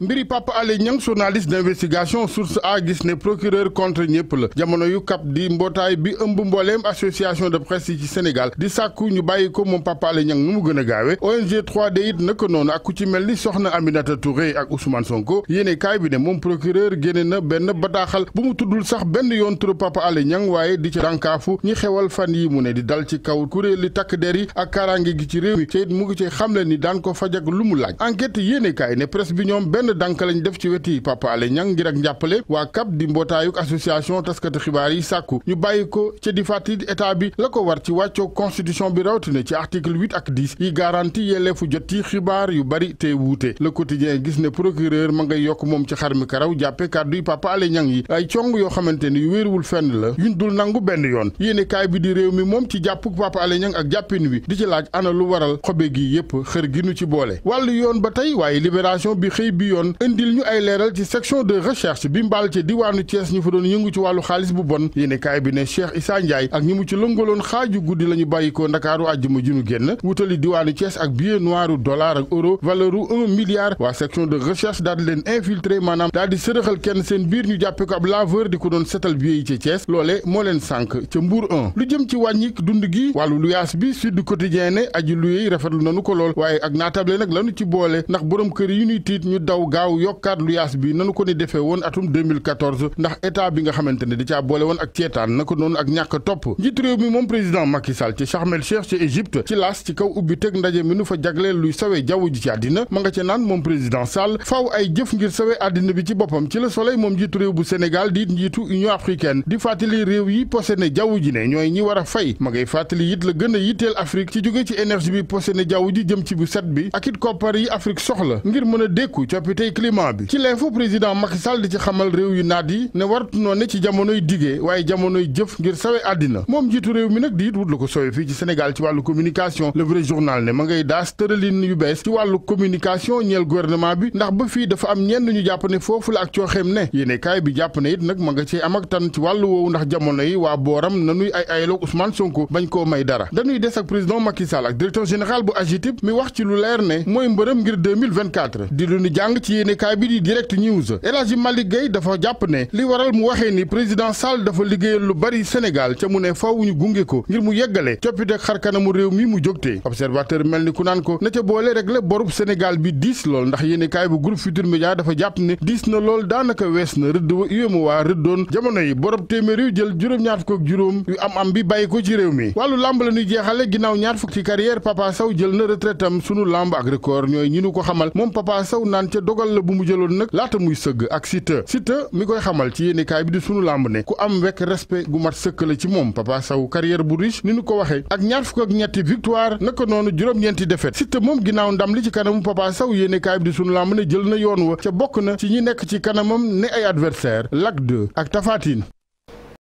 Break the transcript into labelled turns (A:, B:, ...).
A: mbiri Pape Alé Niang journaliste d'investigation source a gis ne procureur contre ñëpp la jamono yu kap di mbootaay bi ëmb mbooleem association de presse yi ci Sénégal di sakku ñu bàyyi ko moom Pape Alé Niang nu mu gën a gaawe ONG trois d it naka noonu ak ku ci mel ni soxna Aminata Touré ak Ousmane Sonko yéene kaay bi ne moom procureur génne na benn bataaxal bu mu tuddul sax benn yoon turu Pape Alé Niang waaye di ci dànkaafu ñi xewal fan yi mu ne di dal ci kaw kuréeli takk der yi ak kaaraange gi ci réew mi te mu ngi ci xamle ni daan ko faj lu mu laaj enquête ne presse bi ñoom benn benn dànk lañ def ci weti Papa Alé Niang ngir ak njàppale waa CAP di mbootaayuk association taskati xibaar yi sàkku ñu bàyyi ko ci di fàttali état bi la ko war ci wàccoo constitution bi rawatina ci article 8 ak 10 yi garanti yelleefu jot ci xibaar yu bari te wuute le quotidien gis ne procureur ma ngay yokk moom ci xar mi karaw jàppe kàddu yi Papa yi ay cong yoo xamante ne yu wéeruwul fenn la yuñ dul nangu benn yoon yéene kaay bi di réew mi moom ci jàppuk Papa Alé Niang ak jàppin wi di ci laaj ana lu waral xobe gi gi nu ci boole yoon indil ñu ay leeral ci section de recherche bi mbaal ci diwaanu Thiès ñu fa doon yëngu ci wàllu xaalis bu bon yéene kaay bi ne Cheikh Issa Ndiaye ak ñi ci lëngaloon xaaju guddi la ñu bàyyikoo ndakaaru àjjuma ji ñu génn wutali diwaanu Thiès ak billet noiru dollar ak euro valeur u un waa section de recherche daal di leen infiltré maanaam daal sërëxal kenn seen biir ñu jàppe ko ab laveur di ko doon setal billet yi ca loole moo leen sànk ca Mbour 1 lu jëm ci wàññik dund gi wàllu luyaas bi Sud Quotidien ne aji luyéey rafetlu nanu ko lool waaye ak naatable nag lanu ci boole ndax borom kër yu ñuy tiit ñu daw gaaw gaaw yokkaat lu yaas bi nanu ko ni defee woon atum 2014 ndax état bi nga xamante ne da caa boole woon ak ceetaan na ko noonu ak ñàkk topp njiit réew mi moom président Macky Sall ci Sharm el Cheikh ci Égypte ci laas ci kaw ubbi teg ndaje mi nu fa jagleel luy sawee jaww ji ci àddina ma nga ca naan moom président Sall faaw ay jëf ngir sawee àddina bi ci boppam ci la Soleil moom njiitu réew bu Sénégal di njiitu Union africaine di fàttali réew yi posene ne ñooy la gën ji tey climat bi ci l'info président Macky Sall di ci xamal réew yu naat yi ne wartu noo ne ci jamonoy digee waaye jamonoy jëf ngir sawe àddina moom njiitu réew mi nag di it wut la ko sowe fii ci Sénégal ci wàllu communication le vrai journal ne ma ngay daas tëralin yu bees ci wàllu communication ñeel gouvernement bi ndax ba fii dafa am ñenn ñu jàpp ne foofu la ak cooxeem ne yéene kaay bi jàpp ne it nag ma nga cee am ak tan ci wàllu woowu ndax jamono yi waa booram nanuy ay ayloog Ousmane Sonko bañ koo may dara dañuy des ak président Macky Sall ak directeur général bu AGETIP mi ci lu leer ne mooy mbërëm ngir 2024 di lu ñu jàng ci yéenekaay bi di direct news El Hadji Malick dafa jàpp ne li waral mu waxee ni président Sall dafa liggéeyal lu bari Sénégal ca mu ne faaw ñu gunge ko ngir mu yeggale coppite xar kanamu réew mi mu jógtee observateur mel ni ku naan ko na ca boole rek le borub Sénégal bi diis lool ndax yéenekaay bu groupe Futurs Médias dafa jàpp ne diis na lool daanaka wees na rëdd wa UEMOA rëddoon jamono yi borob téeméer yu jël juróom-ñaar fukk ak juróom yu am am bi bàyyi ko ci réew mi wàllu làmb la ñuy jeexale ginnaaw ñaar fukk ci carrière Papa Sow jël na retraitam sunu làmb ak record ñooy ñi dogal la bu mu jëloon nag laata muy sëgg ak Siteu Siteu mi koy xamal ci yéenekaay bi di sunu làmb ne ku am wekk respe gu mat sëkk la ci moom Papa Sow carrière bu riche ni nu ko waxee ak ñaar fukk ak ñetti victoire naka noonu juróom-ñeenti défaite Siteu moom ginnaaw ndam li ci kanamu Papa Sow yéenekaay bi di sunu làmb ne jël na yoon wa ca bokk na ci ñi nekk ci kanamam ne ay adversaire Lac 2 ak tafaatiin